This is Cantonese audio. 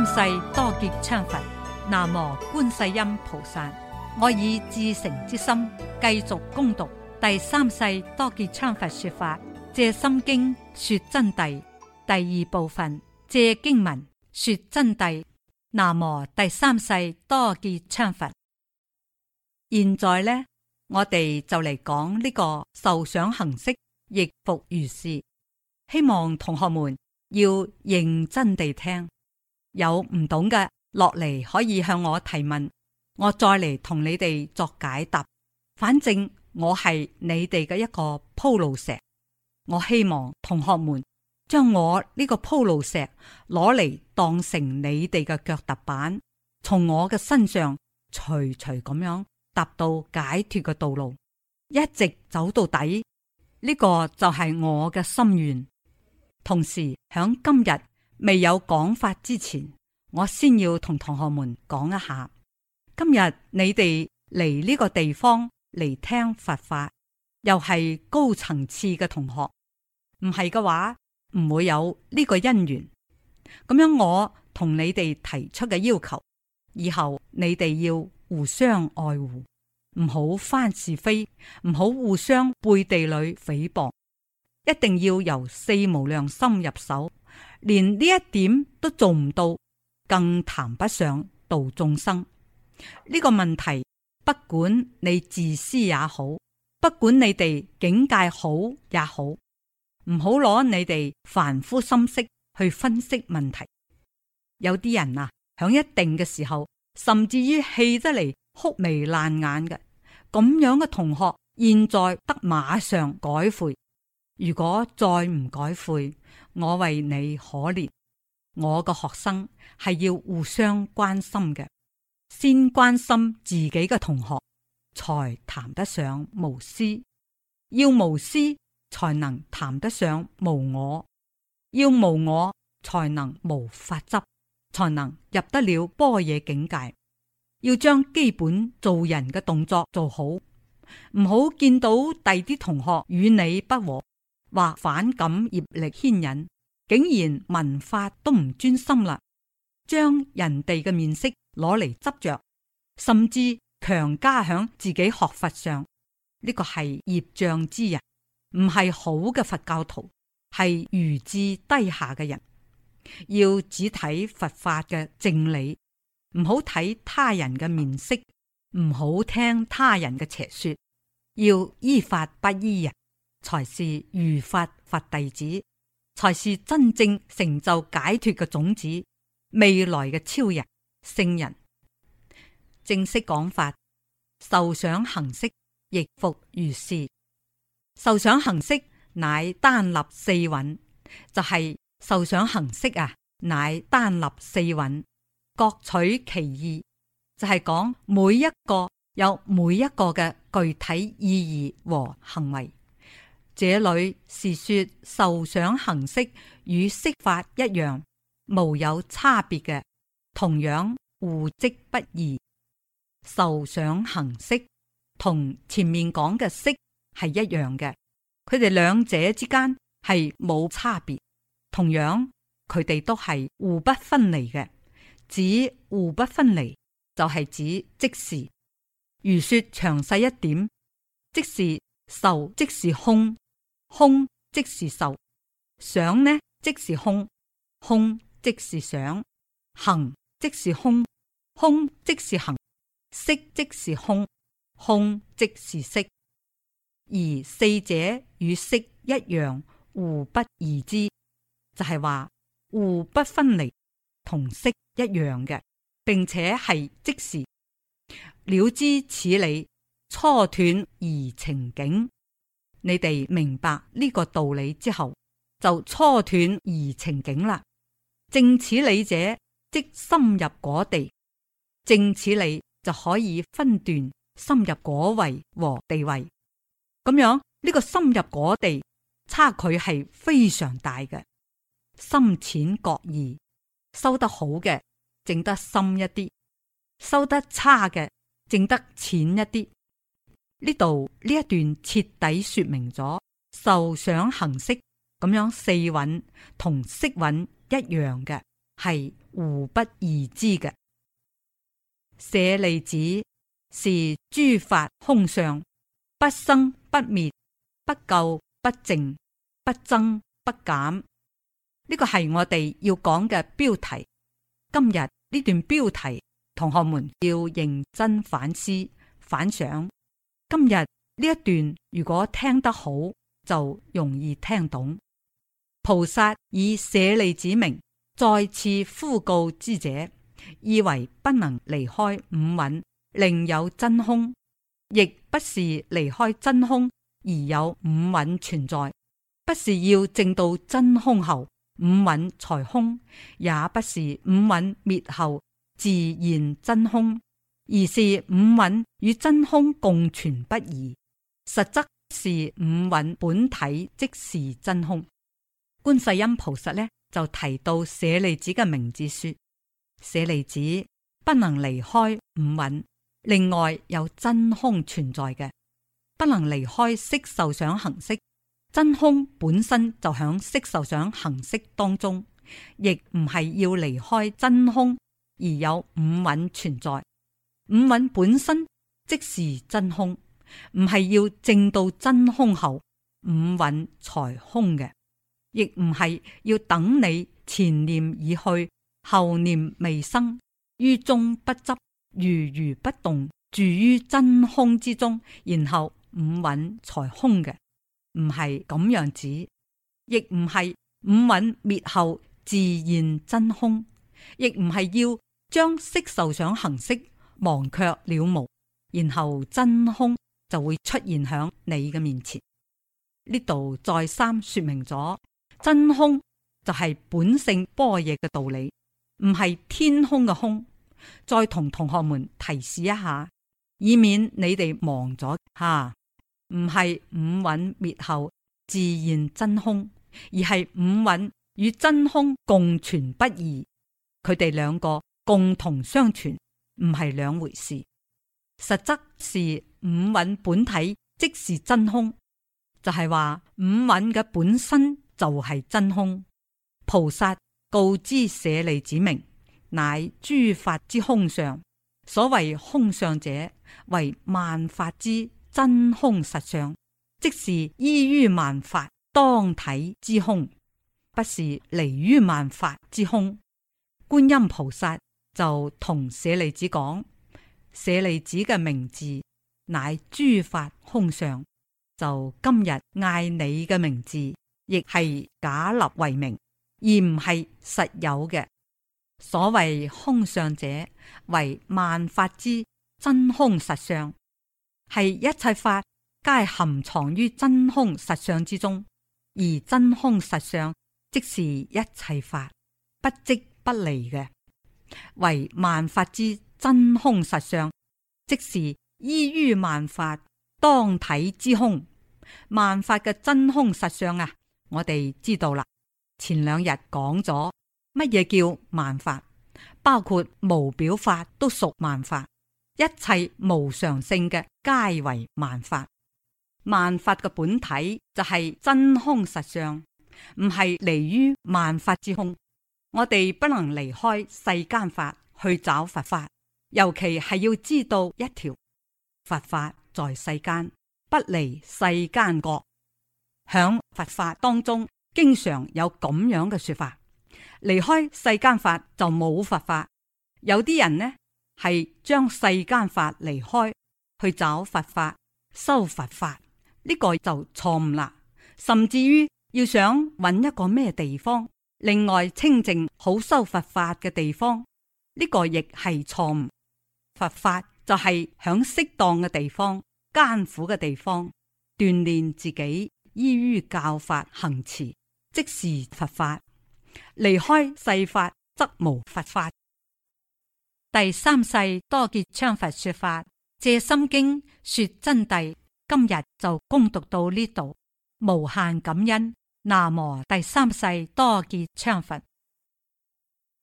三世多杰羌佛，南無觀世音菩薩。我以至誠之心，繼續恭讀第三世多杰羌佛說法《藉心經》說真諦第二部分《藉經文說真諦》，南無第三世多杰羌佛。現在呢，我哋就嚟講呢個受想行識亦復如是。希望同學們要認真地聽。有唔懂嘅落嚟，可以向我提問，我再嚟同你哋作解答。反正我係你哋嘅一個鋪路石，我希望同學們將我呢個鋪路石攞嚟當成你哋嘅腳踏板，從我嘅身上徐徐咁樣踏到解脫嘅道路，一直走到底。呢、這個就係我嘅心願。同時響今日。未有講法之前，我先要同同學們講一下。今日你哋嚟呢個地方嚟聽佛法，又係高層次嘅同學，唔係嘅話唔會有呢個因緣。咁樣我同你哋提出嘅要求，以後你哋要互相愛護，唔好翻是非，唔好互相背地裏誹謗，一定要由四無量心入手。連呢一點都做唔到，更談不上度眾生。呢個問題，不管你自私也好，不管你哋境界好也好，唔好攞你哋凡夫心識去分析問題。有啲人啊，響一定嘅時候，甚至於氣得嚟哭眉爛眼嘅，咁樣嘅同學，現在得馬上改悔。如果再唔改悔，我為你可憐。我嘅學生係要互相關心嘅，先關心自己嘅同學，才談得上無私。要無私，才能談得上無我；要無我，才能無法執，才能入得了般若境界。要將基本做人嘅動作做好，唔好見到第啲同學與你不和或反感業力牽引，竟然聞法都唔專心啦，將人哋嘅面色攞嚟執着，甚至強加響自己學法上，呢、這個係業障之人，唔係好嘅佛教徒，係愚智低下嘅人。要只睇佛法嘅正理，唔好睇他人嘅面色，唔好聽他人嘅邪說，要依法不依人。才是如法佛弟子，才是真正成就解脫嘅種子，未來嘅超人聖人。正式講法，受想行識亦復如是。受想行識乃單立四蘊，就係受想行識啊，乃單立四蘊、就是，各取其意，就係、是、講每一個有每一個嘅具體意義和行為。這裏是說受想行識與色法一樣，無有差別嘅，同樣互即不異。受想行識同前面講嘅色係一樣嘅，佢哋兩者之間係冇差別，同樣佢哋都係互不分離嘅。指互不分離就係、是、指即時，如說詳細一點，即是受即是空。空即是受，想呢即是空，空即是想，行即是空，空即是行，色即是空，空即是色。而四者與色一樣，互不而知，就係話互不分離，同色一樣嘅，並且係即時了知此理，初斷而情景。你哋明白呢個道理之後，就初斷而情景啦。正此理者，即深入果地；正此理就可以分斷深入果位和地位。咁樣呢個深入果地差距係非常大嘅，深淺各異。收得好嘅淨得深一啲，收得差嘅淨得淺一啲。呢度呢一段徹底說明咗受想行識咁樣四蘊同色蘊一樣嘅係互不二知嘅。舍利子是諸法空相，不生不滅，不垢不淨，不增不減。呢、這個係我哋要講嘅標題。今日呢段標題，同學們要認真反思、反想。今日呢一段如果聽得好，就容易聽懂。菩薩以舍利子名再次呼告之者，以為不能離開五蘊，另有真空，亦不是離開真空而有五蘊存在，不是要證到真空後五蘊才空，也不是五蘊滅後自然真空。而是五蘊與真空共存不移，實則是五蘊本體即是真空。觀世音菩薩呢就提到舍利子嘅名字，說舍利子不能離開五蘊，另外有真空存在嘅，不能離開色受想行識。真空本身就響色受想行識當中，亦唔係要離開真空，而有五蘊存在。五蘊本身即是真空，唔係要證到真空後五蘊才空嘅，亦唔係要等你前念已去，後念未生，於中不執，如如不動，住於真空之中，然後五蘊才空嘅，唔係咁樣子，亦唔係五蘊滅後自然真空，亦唔係要將色受想行識。忘卻了無，然後真空就會出現喺你嘅面前。呢度再三說明咗真空就係本性般若嘅道理，唔係天空嘅空。再同同學們提示一下，以免你哋忘咗吓，唔係五蘊滅後自然真空，而係五蘊與真空共存不二，佢哋兩個共同相存。唔係兩回事，實則是五蘊本體即是真空，就係話五蘊嘅本身就係真空。菩薩告知舍利子明，乃諸法之空相。所謂空相者，為萬法之真空實相，即是依於萬法當體之空，不是離於萬法之空。觀音菩薩。就同舍利子講，舍利子嘅名字乃諸法空相。就今日嗌你嘅名字，亦係假立為名，而唔係實有嘅。所謂空相者，為萬法之真空實相，係一切法皆含藏於真空實相之中，而真空實相即是一切法不即不離嘅。為萬法之真空實相，即是依於萬法當體之空。萬法嘅真空實相啊，我哋知道啦。前兩日講咗乜嘢叫萬法，包括無表法都屬萬法，一切無常性嘅皆為萬法。萬法嘅本體就係真空實相，唔係離於萬法之空。我哋不能離開世間法去找佛法，尤其係要知道一條佛法在世間不離世間國。響佛法當中，經常有咁樣嘅說法：離開世間法就冇佛法。有啲人呢係將世間法離開去找佛法、修佛法，呢個就錯誤啦。甚至於要想揾一個咩地方？另外，清淨好修佛法嘅地方，呢個亦係錯誤。佛法就係響適當嘅地方、艱苦嘅地方鍛煉自己，依於教法行持，即是佛法。離開世法，則無佛法。第三世多杰羌佛說法，借心經說真諦。今日就攻讀到呢度，無限感恩。南無第三世多杰羌佛。